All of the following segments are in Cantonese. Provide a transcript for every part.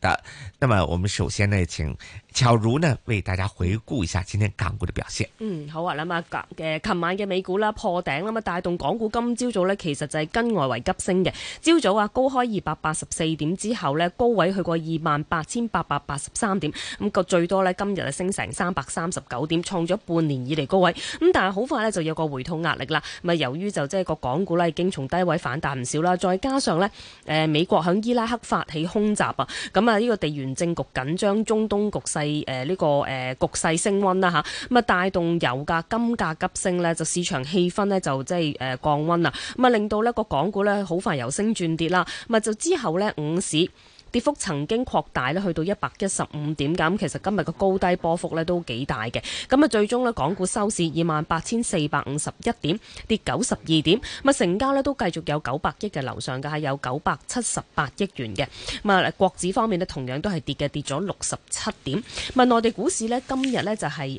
嘅，那麼我們首先呢，請巧如呢為大家回顧一下今天港股嘅表現。嗯，好啊，咁、嗯、啊，嘅琴晚嘅美股啦破頂咁啊，帶動港股今朝早，早呢，其實就係跟外圍急升嘅。朝早，早啊高開二百八十四點之後呢，高位去過二萬八千八百八十三點，咁、嗯、個最多呢，今日啊升成三百三十九點，創咗半年以嚟高位。咁、嗯、但係好快呢，就有個回吐壓力啦，咪、嗯、由於就即係個港股呢，已經從低位反彈唔少啦，再加上呢，誒、呃、美國響伊拉克發起空襲啊，咁、嗯。呢個地緣政局緊張，中東局勢誒，呢個誒局勢升温啦吓，咁啊帶動油價、金價急升咧，就市場氣氛咧就即係誒降温啦，咁啊令到咧個港股咧好快由升轉跌啦，咁啊就之後呢，午市。跌幅曾經擴大咧，去到一百一十五點。咁其實今日個高低波幅咧都幾大嘅。咁啊，最終咧，港股收市二萬八千四百五十一點，跌九十二點。咁啊，成交咧都繼續有九百億嘅樓上嘅，係有九百七十八億元嘅。咁啊，國指方面咧，同樣都係跌嘅，跌咗六十七點。問內地股市咧，今日咧就係誒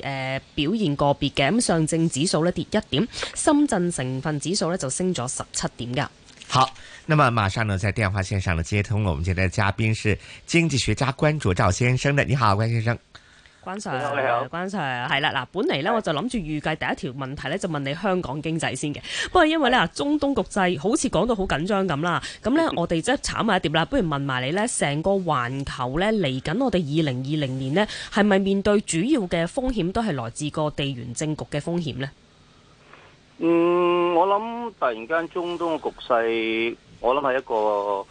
表現個別嘅。咁上證指數咧跌一點，深圳成分指數咧就升咗十七點噶。好。那麼馬上呢，在電話線上呢接通，我們接待嘉賓是經濟學家關焯照先生的。的你好，關先生，關 Sir，你好，關 Sir，係啦，嗱，本嚟呢，我就諗住預計第一條問題呢，就問你香港經濟先嘅，不過因為呢，中東局勢好似講到好緊張咁啦，咁呢，我哋即係炒埋一碟啦，不如問埋你呢，成個環球呢，嚟緊我哋二零二零年呢，係咪面對主要嘅風險都係來自個地緣政局嘅風險呢？嗯，我諗突然間中東局勢。我諗係一個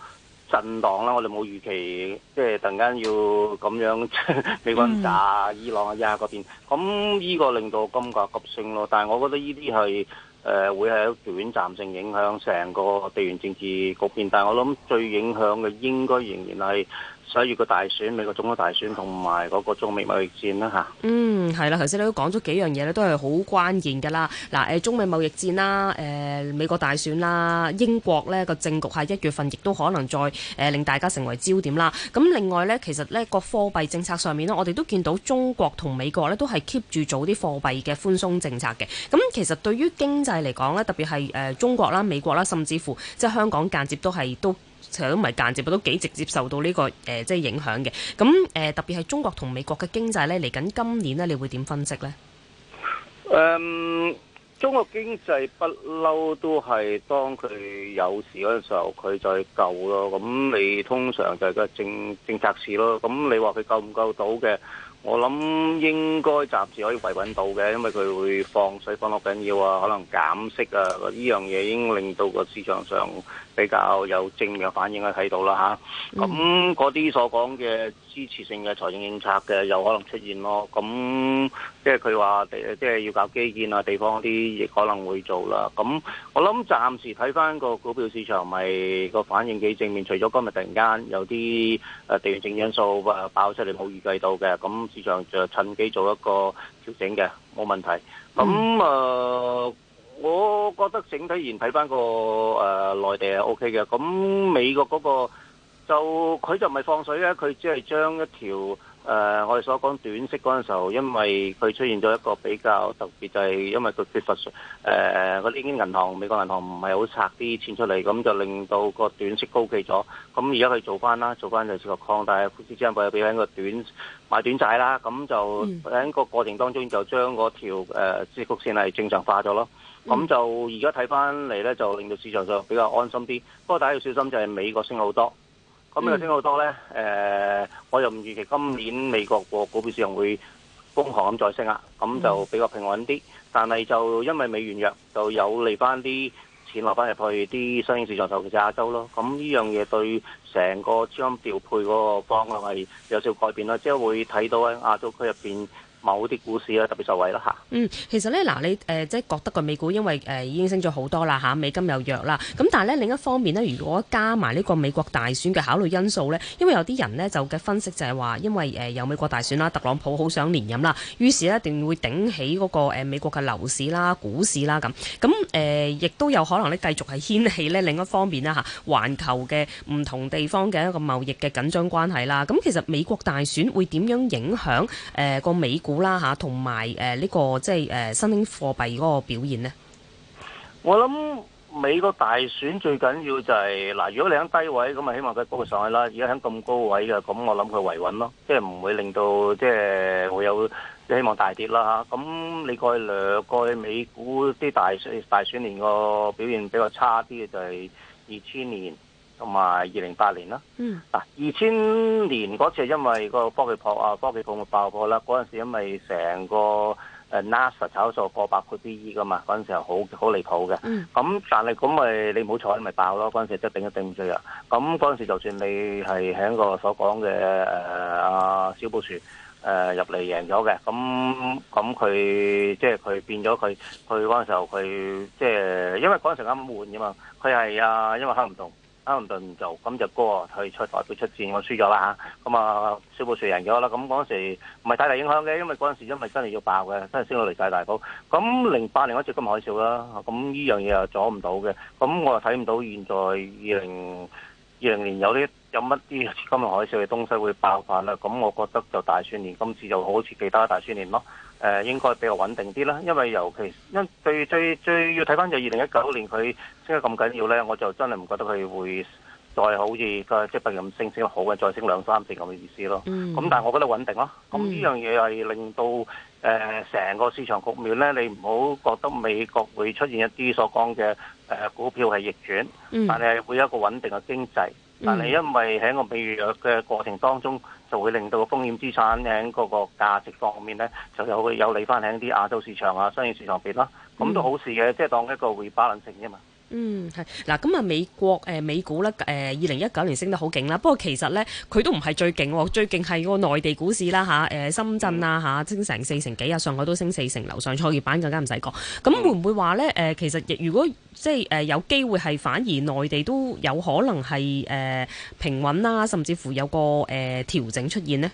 震盪啦，我哋冇預期，即係突然間要咁樣呵呵美軍打伊朗啊，依嗰邊，咁呢個令到金價急升咯。但係我覺得呢啲係誒會係有短暫性影響成個地緣政治局面，但係我諗最影響嘅應該仍然係。所以月個大選、美國總統大選同埋嗰個中美貿易戰啦嚇。嗯，係啦，頭先你都講咗幾樣嘢咧，都係好關鍵㗎啦。嗱，誒，中美貿易戰啦，誒、呃，美國大選啦，英國呢個政局係一月份亦都可能再誒、呃、令大家成為焦點啦。咁另外呢，其實呢個貨幣政策上面咧，我哋都見到中國同美國呢都係 keep 住做啲貨幣嘅寬鬆政策嘅。咁其實對於經濟嚟講呢，特別係誒、呃、中國啦、美國啦，甚至乎即係香港間接都係都。想埋間接，都幾直接受到呢、這個誒、呃，即係影響嘅。咁誒、呃，特別係中國同美國嘅經濟咧，嚟緊今年咧，你會點分析咧？誒、嗯，中國經濟不嬲都係當佢有事嗰陣時候，佢就救咯。咁你通常就係個政政策市咯。咁你話佢救唔救到嘅？我諗應該暫時可以維穩到嘅，因為佢會放水放落緊要啊，可能減息啊，呢樣嘢已經令到個市場上。比較有正面嘅反應去睇到啦吓，咁嗰啲所講嘅支持性嘅財政政策嘅有可能出現咯，咁即係佢話，即係要搞基建啊，地方啲亦可能會做啦。咁我諗暫時睇返個股票市場咪個反應幾正面，除咗今日突然間有啲誒、呃、地緣政治因素爆出嚟冇預計到嘅，咁市場就趁機做一個調整嘅冇問題。咁啊～、嗯呃我覺得整體而言睇翻、個誒、呃、內地係 O K 嘅，咁美國嗰個就佢就唔係放水咧，佢只係將一條誒、呃、我哋所講短息嗰陣時候，因為佢出現咗一個比較特別，就係、是、因為佢缺乏誒嗰啲銀行，美國銀行唔係好拆啲錢出嚟，咁就令到個短息高企咗。咁而家佢做翻啦，做翻就試過擴大資產配置，俾翻個短買短債啦，咁就喺個過程當中就將嗰條支折曲線係正常化咗咯。咁就而家睇翻嚟咧，就令到市場上比較安心啲。不過大家要小心就係美國升好多。咁美國升好多咧，嗯，我又唔預期今年美國個股票市場會瘋狂咁再升啦。咁就比較平穩啲。但係就因為美元弱，就有利翻啲錢落翻入去啲相應市場，尤其是亞洲咯。咁呢樣嘢對成個資金調配嗰個方向係有少少改變啦。即係會睇到喺亞洲區入面。某啲股市咧特別受惠啦吓，嗯，其實咧嗱你誒、呃、即係覺得個美股因為誒、呃、已經升咗好多啦吓，美金又弱啦。咁但係咧另一方面呢，如果加埋呢個美國大選嘅考慮因素呢，因為有啲人呢就嘅分析就係話，因為誒、呃、有美國大選啦，特朗普好想連任啦，於是一定會頂起嗰、那個、呃、美國嘅樓市啦、股市啦咁。咁誒亦都有可能咧繼續係掀起呢。另一方面啦嚇，環、啊、球嘅唔同地方嘅一個貿易嘅緊張關係啦。咁、啊、其實美國大選會點樣影響誒、呃、個美股啦，吓，同埋誒，呢個即係誒，新興貨幣嗰個表現呢，我諗美國大選最緊要就係嗱，如果你喺低位咁啊，希望佢高佢上去啦。如果喺咁高位嘅，咁我諗佢維穩咯，即係唔會令到即係會有希望大跌啦吓。咁你過去兩屆美股啲大選大選年個表現比較差啲嘅就係二千年。同埋二零八年啦，嗱二千年嗰次，因為個科技股啊，科技泡沫爆破啦。嗰陣時，因為成個誒 Nasdaq 炒數過百倍 P/E 噶嘛，嗰陣時候好好離譜嘅。咁、嗯、但係咁咪你唔好彩咪爆咯。嗰陣時即係頂一頂唔住啊。咁嗰陣時，就算你係喺個所講嘅誒阿小布殊誒入嚟贏咗嘅，咁咁佢即係佢變咗佢。佢嗰陣時候佢即係因為嗰陣時啱啱換啫嘛，佢係啊，因為黑唔同。克林頓就咁就哥去出代表出戰，我輸咗啦吓，咁啊小布殊贏咗啦。咁嗰陣時唔係太大影響嘅，因為嗰陣時因為真係要爆嘅，真係升到嚟曬大波。咁零八年嗰次金融海嘯啦，咁呢樣嘢又阻唔到嘅。咁我又睇唔到現在二零二零年有啲有乜啲金融海嘯嘅東西會爆發啦。咁我覺得就大選年今次就好似其他大選年咯。誒、呃、應該比較穩定啲啦，因為尤其因為最最最要睇翻就二零一九年佢升得咁緊要咧，我就真係唔覺得佢會再好似個即係咁升升好嘅，再升兩三成咁嘅意思咯。咁、嗯、但係我覺得穩定咯。咁、嗯、呢樣嘢係令到誒成、呃、個市場局面咧，你唔好覺得美國會出現一啲所講嘅、呃、股票係逆轉，嗯、但係會有一個穩定嘅經濟。嗯、但係因為喺個美元嘅過程當中。就會令到風險資產喺嗰個價值方面咧，就有會有利翻喺啲亞洲市場啊、商業市場邊啦，咁都好事嘅，即係當一個 rebalancing 啫嘛。嗯，係嗱，咁啊、呃，美國誒美股咧，誒二零一九年升得好勁啦。不過其實咧，佢都唔係最勁喎，最勁係個內地股市啦吓，誒、呃、深圳、嗯、啊吓，升成四成幾啊，上海都升四成，樓上創業板更加唔使講。咁會唔會話咧？誒、呃，其實如果、呃、即係誒、呃、有機會係反而內地都有可能係誒、呃、平穩啦，甚至乎有個誒、呃、調整出現呢？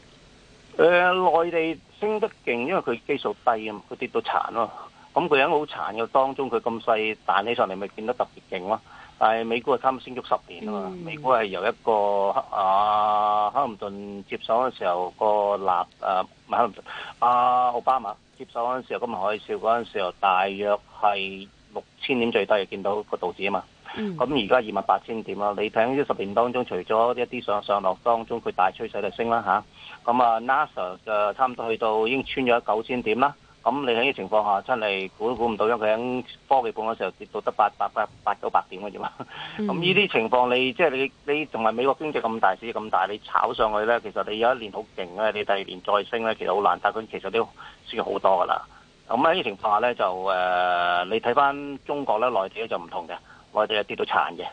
誒、呃，內地升得勁，因為佢基數低啊，佢跌到殘咯。咁佢樣好殘嘅，當中佢咁細彈起上嚟，咪見得特別勁咯。但係美股係差唔多升足十年啊嘛，嗯、美股係由一個啊克林頓接手嗰時候個納誒，唔係克林頓啊，奧巴馬接手嗰時候，金融海嘯嗰陣時候，大約係六千點最低，見到個道指啊嘛。咁而家二萬八千點啦。你睇呢十年當中，除咗一啲上上落當中，佢大趨勢就升啦吓，咁啊 Nasdaq 就差唔多去到已經穿咗九千點啦。咁你喺呢情況下，真係估都估唔到，因為佢喺科技股嗰時候跌到得八八八八九百點嘅啫嘛。咁呢啲情況，你即係、就是、你你同埋美國經濟咁大市咁大，你炒上去咧，其實你有一年好勁咧，你第二年再升咧，其實好難。但佢其實都算好多噶啦。咁喺呢情況下咧，就誒、呃、你睇翻中國咧，內地咧就唔同嘅，內地係跌到殘嘅。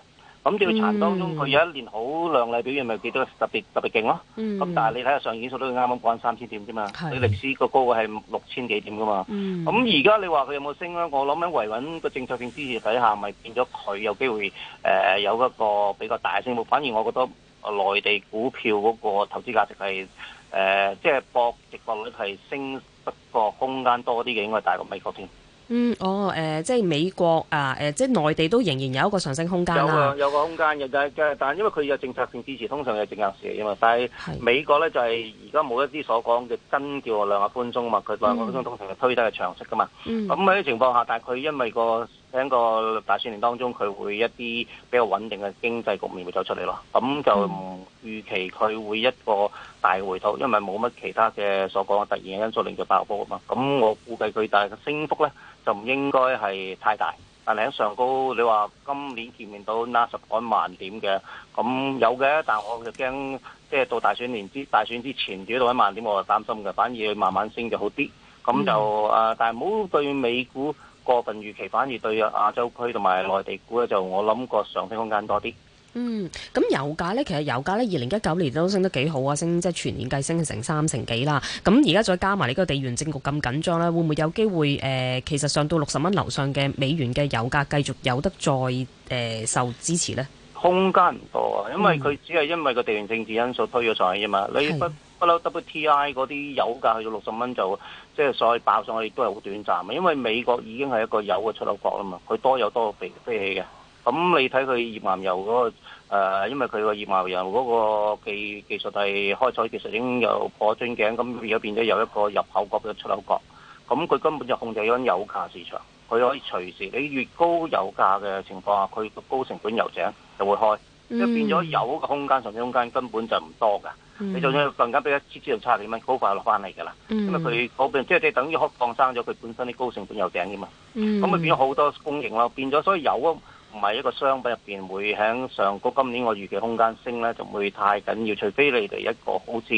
咁調查當中，佢有一年好亮麗表現，咪幾多特別特別勁咯。咁、嗯、但係你睇下上遠數都啱啱過三千點啫是嘛。佢歷史個高位係六千幾點噶嘛。咁而家你話佢有冇升咧？我諗樣維穩個政策性支持底下，咪變咗佢有機會誒、呃、有一個比較大升幅。反而我覺得啊，內地股票嗰個投資價值係誒，即、呃、係、就是、博直播率係升得個空間多啲嘅，應該大過美國片。嗯，哦，誒、呃，即係美國啊，誒、呃，即係內地都仍然有一個上升空間啦，有個空間，有，有但係但係因為佢有政策性支持，通常有政策性嘅嘛。但係美國咧就係而家冇一啲所講嘅真叫量化寬鬆啊嘛，佢量化寬鬆通常係推得嘅長息㗎嘛。咁喺啲情況下，但係佢因為個。喺個大選年當中，佢會一啲比較穩定嘅經濟局面會走出嚟咯。咁就唔預期佢會一個大回頭，因為冇乜其他嘅所講嘅突然嘅因素令到爆煲啊嘛。咁我估計佢大嘅升幅咧就唔應該係太大。但係喺上高，你話今年見唔見到 NASDAQ 一萬點嘅？咁有嘅。但係我就驚，即係到大選年之大選之前跌到一萬點，我就擔心嘅。反而慢慢升就好啲。咁就誒、嗯呃，但係唔好對美股過分預期，反而對亞洲區同埋內地股咧，就我諗個上升空間多啲。嗯，咁油價呢，其實油價呢，二零一九年都升得幾好啊，升即係全年計升是成三成幾啦。咁而家再加埋呢個地緣政局咁緊張呢，會唔會有機會誒、呃？其實上到六十蚊樓上嘅美元嘅油價，繼續有得再誒、呃、受支持呢？空間唔多啊，因為佢只係因為個地緣政治因素推咗上去啫嘛，嗯、你不？WTI 嗰啲油價去到六十蚊就即係、就是、所以爆上去都係好短暫，因為美國已經係一個油嘅出口國啦嘛，佢多油多個飛起嘅。咁你睇佢頁岩油嗰、那個、呃、因為佢個頁岩油嗰個技技術係開採技術已經有破樽頸，咁而家變咗有一個入口國嘅出口國。咁佢根本就控制咗油價市場，佢可以隨時你越高油價嘅情況下，佢個高成本油井就會開，就變咗油嘅空間上升空間根本就唔多㗎。Mm hmm. mm hmm. 你就算突然間俾一啲資料差幾蚊，高快落翻嚟㗎啦，咁、mm hmm. 為佢嗰邊即係即係等於放生咗佢本身啲高成本油井㗎嘛，咁咪、mm hmm. 變咗好多供應咯，變咗所以有油唔係一個商品入邊會喺上高，今年我預期空間升咧就唔會太緊要，除非你哋一個好似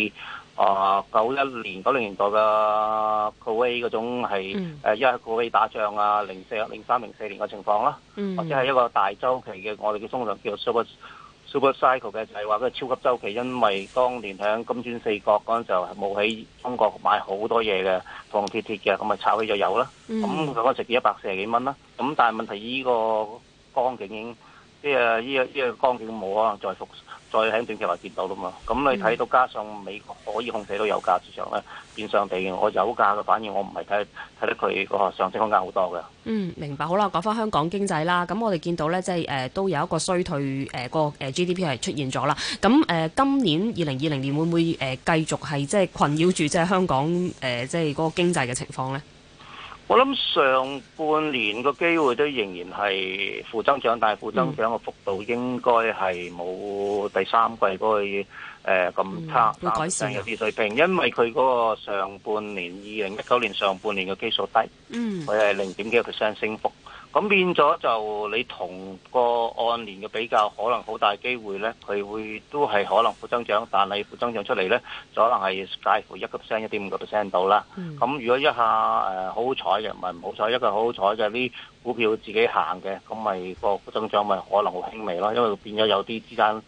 啊九一年九零年代嘅高威嗰種係誒、mm hmm. 呃、一高威打仗啊，零四零三零四年嘅情況啦，mm hmm. 或者係一個大周期嘅，我哋嘅中量叫做。super cycle 嘅就係話嗰個超級周期，因為當年喺金磚四國嗰陣時候係冇喺中國買好多嘢嘅，銅銅鐵鐵嘅，咁咪炒起咗油啦、mm hmm. 就有啦。咁嗰陣時值一百四十幾蚊啦。咁但係問題依個光景，已經即係呢個光景冇可能再復。再喺短期話跌到啦嘛，咁你睇到，加上美國可以控制到油價市場咧，變相地我油價嘅反應我，我唔係睇睇得佢個上升空間好多嘅。嗯，明白。好啦，講翻香港經濟啦，咁我哋見到咧，即係誒、呃、都有一個衰退誒、呃那個誒 GDP 係出現咗啦。咁誒、呃、今年二零二零年會唔會誒繼續係即係困擾住即係香港誒、呃、即係嗰、那個經濟嘅情況咧？我諗上半年個機會都仍然係負增長，但係負增長個幅度應該係冇第三季嗰個誒咁差，上升入啲水平，因為佢嗰個上半年二零一九年上半年嘅基數低，嗯，佢係零點幾個 percent 升幅。咁變咗就你同個按年嘅比較，可能好大機會呢，佢會都係可能負增長，但係負增長出嚟呢，就可能係介乎一個 percent 一點五個 percent 到啦。咁、嗯、如果一下誒好好彩嘅，唔係唔好彩，一個好好彩嘅啲股票自己行嘅，咁咪、個負增長咪可能好輕微咯，因為變咗有啲之間。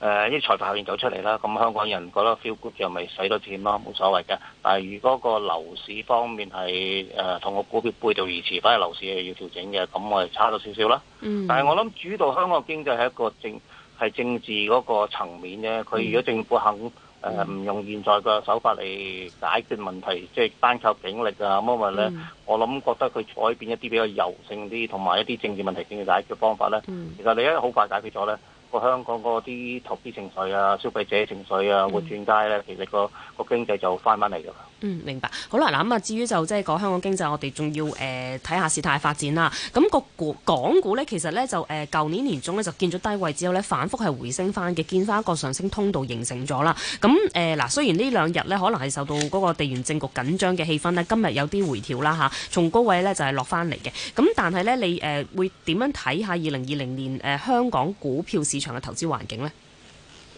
誒啲、呃、財大下面走出嚟啦，咁香港人覺得 feel good 又咪使多錢咯，冇所謂嘅。但係如果個樓市方面係誒同個股票背道而馳，反而樓市要調整嘅，咁我係差咗少少啦。但係我諗主導香港經濟係一個政係政治嗰個層面咧，佢如果政府肯誒唔、呃、用現在嘅手法嚟解決問題，即係單靠警力啊乜乜咧，嗯、我諗覺得佢改變一啲比較柔性啲，同埋一啲政治問題治解決方法咧，嗯、其實你一好快解決咗咧。個香港嗰啲投資情緒啊、消費者情緒啊，會轉佳呢，其實個個經濟就翻返嚟噶啦。嗯，明白。好啦，嗱咁啊，至於就即係講香港經濟，我哋仲要誒睇下事態發展啦。咁、個股港股呢，其實呢，就誒舊、呃、年年中呢，就見咗低位之後呢，反覆係回升翻嘅，見翻一個上升通道形成咗啦。咁誒嗱，雖然呢兩日呢，可能係受到嗰個地緣政局緊張嘅氣氛呢，今日有啲回調啦嚇，從高位呢，就係落翻嚟嘅。咁但係呢，你誒、呃、會點樣睇下二零二零年誒、呃、香港股票市？市場嘅投資環境咧，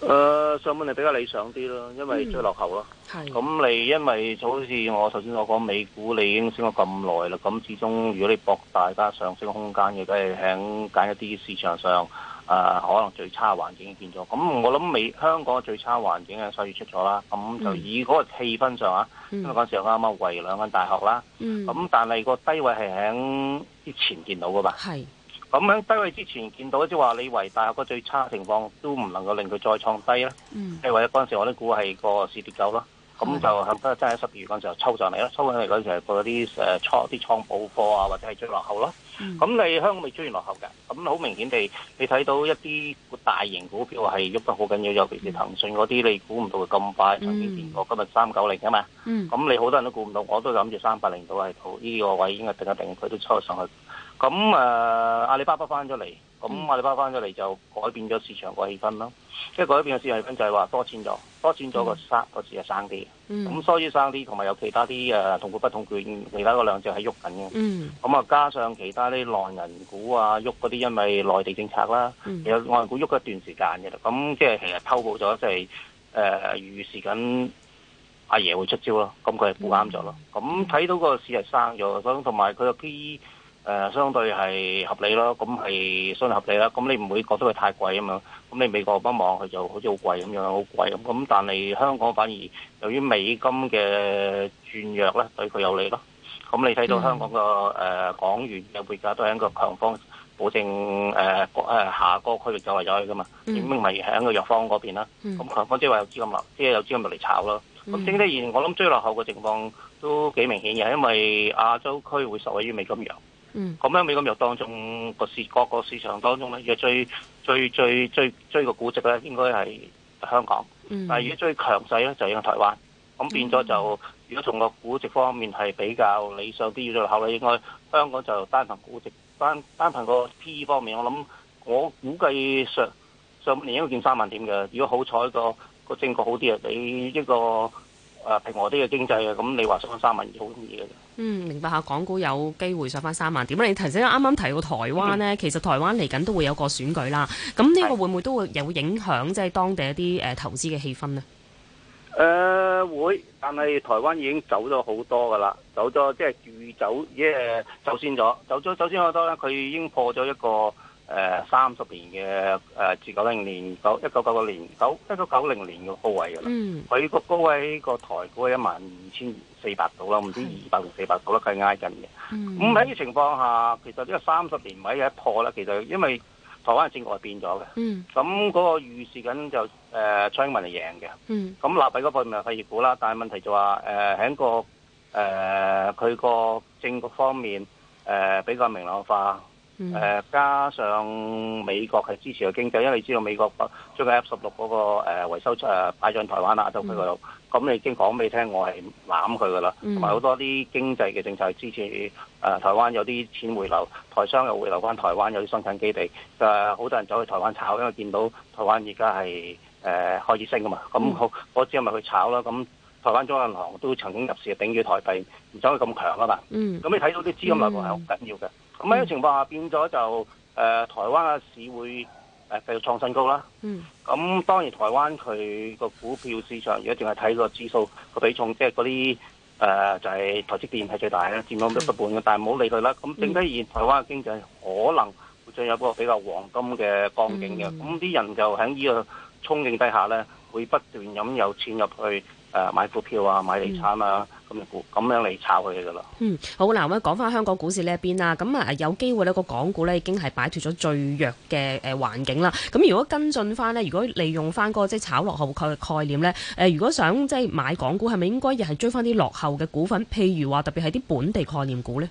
誒、呃，上半年比較理想啲咯，因為最落後咯。係、嗯。咁你因為就好似我頭先所講，美股你已經升咗咁耐啦，咁始終如果你博大家上升嘅空間嘅，梗係喺揀一啲市場上誒、呃，可能最差環境見咗。咁我諗美香港嘅最差環境係三月出咗啦，咁就以嗰個氣氛上啊，嗯、因為嗰時候我啱啱圍兩間大學啦，咁、嗯、但係個低位係喺之前見到噶吧。係。咁樣低位之前見到話，即係話你維大個最差情況都唔能夠令佢再創低啦。即係或者嗰陣時我都估係個市跌夠咯，咁的就係真係十二月嗰陣時候抽上嚟啦。抽上嚟嗰陣時係嗰啲誒倉啲倉補貨啊，或者係最落後咯。咁、mm. 你香港咪出現落後嘅？咁好明顯地，你睇到一啲大型股票係喐得好緊要，尤其是騰訊嗰啲，你估唔到佢咁快、mm. 曾經見過。今日三九零啊嘛，咁、mm. 你好多人都估唔到，我都諗住三八零到係好呢個位，應該定一定佢都抽上去。咁誒、啊、阿里巴巴翻咗嚟，咁阿里巴巴翻咗嚟就改變咗市場個氣氛咯。即係改變個市場氣氛，就係話多錢咗，多錢咗個沙個市就生啲。咁、嗯、所以生啲，同埋有其他啲誒同股不同權，其他嗰兩隻係喐緊嘅。咁啊、嗯，加上其他啲內人股啊，喐嗰啲，因為內地政策啦，有內人股喐咗一段時間嘅啦。咁即係其實偷步咗，即係誒預示緊阿爺會出招咯。咁佢係估啱咗咯。咁睇、嗯、到個市係生咗咁，同埋佢嘅 P。誒、呃，相對係合理咯，咁係相對合理啦。咁你唔會覺得佢太貴啊嘛？咁你美國不忙，佢就好似好貴咁樣，好貴咁。咁但係香港反而由於美金嘅轉弱咧，對佢有利咯。咁你睇到香港個誒、mm. 呃、港元嘅匯價都喺一個強方保證誒誒、呃、下個區域走嚟走去噶嘛？咁咪喺個弱方嗰邊啦。咁強方即係話有資金流，即、就、係、是、有資金嚟炒咯。咁整體而言，我諗追落後嘅情況都幾明顯嘅，因為亞洲區會受惠於美金弱。咁喺美國肉當中個市各個市場當中咧，如果最最最最追個估值咧，應該係香港。但係如果最強勢咧，就應該台灣。咁變咗就，如果從個估值方面係比較理想啲，要嚟考慮，應該香港就單憑估值單單憑個 PE 方面，我諗我估計上半年應該見三萬點嘅。如果好彩個個政局好啲啊，比呢個。誒平和啲嘅經濟啊，咁你話上翻三萬二好容易嘅啫。嗯，明白下。港股有機會上翻三萬點。你頭先啱啱提到台灣呢，嗯、其實台灣嚟緊都會有個選舉啦。咁呢個會唔會都會有影響，即係當地一啲誒、啊、投資嘅氣氛呢？誒、呃、會，但係台灣已經走咗好多噶啦，走咗即係預走，即、yeah, 係走先咗，走咗走先好多啦，佢已經破咗一個。誒三十年嘅誒，自九零年九一九九九年九一九九零年嘅高位嘅啦，佢個、嗯、高位個台股係一萬二千四百度啦，五千二百零四百度啦，緊挨緊嘅。咁喺呢情況下，其實呢個三十年位有一破啦。其實因為台灣嘅政局係變咗嘅，咁嗰、嗯、個預示緊就誒蔡、呃、英文係贏嘅。咁、嗯、立幣嗰部分係股啦，但係問題就話誒喺個誒佢個政局方面誒、呃、比較明朗化。誒、嗯、加上美國係支持個經濟，因為你知道美國將最近 F 十六嗰個誒維修出啊擺上台灣啦，亞洲區嗰度，咁你已經講俾你聽，我係攬佢噶啦，同埋好多啲經濟嘅政策係支持誒、呃、台灣有啲錢回流，台商又回流返台灣有啲生產基地，誒、呃、好多人走去台灣炒，因為見到台灣而家係誒開始升啊嘛，咁我我知係咪去炒啦。咁台灣中銀行都曾經入市啊，頂住台幣，唔走去咁強啊嘛。咁、嗯、你睇到啲資金流動係好緊要嘅。咁喺呢個情況下變咗就誒、呃、台灣嘅市會誒、呃、繼續創新高啦。嗯。咁當然台灣佢個股票市場如果淨係睇個指數個比重，即係嗰啲誒就係台積電係最大得不得是啦，佔到一半嘅。但係唔好理佢啦。咁正解現台灣嘅經濟可能會再有個比較黃金嘅光景嘅。咁啲、嗯、人就喺呢個衝勁底下咧，會不斷咁有錢入去。誒，買股票啊，買地產啊，咁、嗯、樣咁樣嚟炒佢嘅啦。嗯，好嗱，我哋講翻香港股市呢一邊啦。咁啊，有機會呢個港股呢已經係擺脱咗最弱嘅誒環境啦。咁如果跟進翻呢，如果利用翻個即係炒落後概概念呢，誒，如果想即係買港股，係咪應該亦係追翻啲落後嘅股份？譬如話特別係啲本地概念股呢？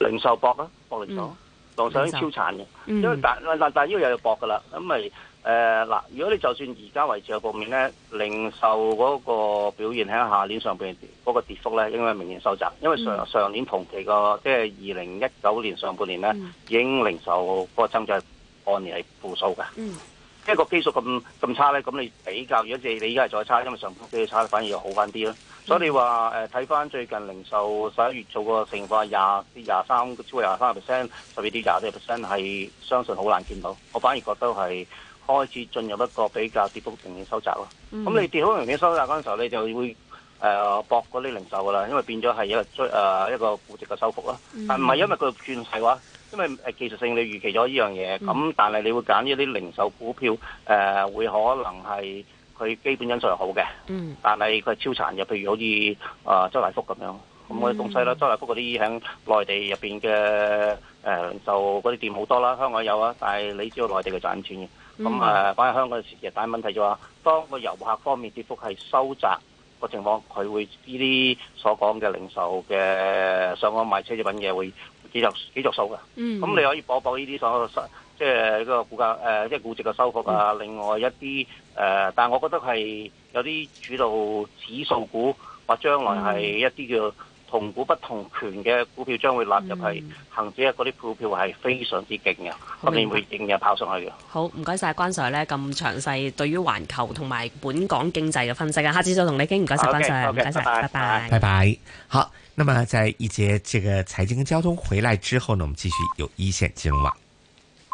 零售博啊，博零售落手已經超殘嘅，因為但、嗯、但但腰又要搏㗎啦，咁咪誒嗱，如果你就算而家維持嘅局面咧，零售嗰個表現喺下年上半年嗰個跌幅咧，應該明年收窄，因為上、嗯、上年同期個即係二零一九年上半年咧，嗯、已經零售嗰個增長按年係負數㗎，即係、嗯、個基數咁咁差咧，咁你比較，如果即係你而家係再差，因為上半期嘅差，反而又好翻啲咯。所以話誒，睇、呃、翻最近零售十一月做個情況廿廿三超過廿三個 percent，十二啲廿四個 percent 係相信好難見到。我反而覺得係開始進入一個比較跌幅明顯收窄咯。咁、嗯、你跌幅明顯收窄嗰陣時候，你就會誒博嗰啲零售噶啦，因為變咗係一個追、呃、一個估值嘅收復啦。嗯、但唔係因為佢轉勢話，因為誒技術性你預期咗呢樣嘢。咁、嗯、但係你會揀呢啲零售股票誒、呃，會可能係。佢基本因素係好嘅，嗯、但係佢係超殘嘅，譬如好似啊周大福咁樣，咁我哋東西啦，周大福嗰啲喺內地入邊嘅誒，零售嗰啲店好多啦，香港有啊，但係你知道內地嘅就賺錢嘅，咁、嗯、啊反而香港嘅時期，但大問題就話，當個遊客方面跌幅係收窄個情況，佢會呢啲所講嘅零售嘅上網買奢侈品嘢會幾著幾著數㗎，咁、嗯、你可以補補呢啲所。即係個股價誒，即、呃、係、這個、股值嘅收復啊。嗯、另外一啲誒、呃，但係我覺得係有啲主導指數股或將來係一啲叫同股不同權嘅股票將，將會納入係行者嗰啲股票係非常之勁嘅，今年會勁嘅跑上去嘅。好唔該晒關 Sir 咧，咁詳細對於環球同埋本港經濟嘅分析啊。下次再同你傾，唔該晒關 Sir，唔該曬，拜拜拜拜，拜拜。好，那麼在一節這個財經跟交通回來之後呢，我們繼續有一線金融網。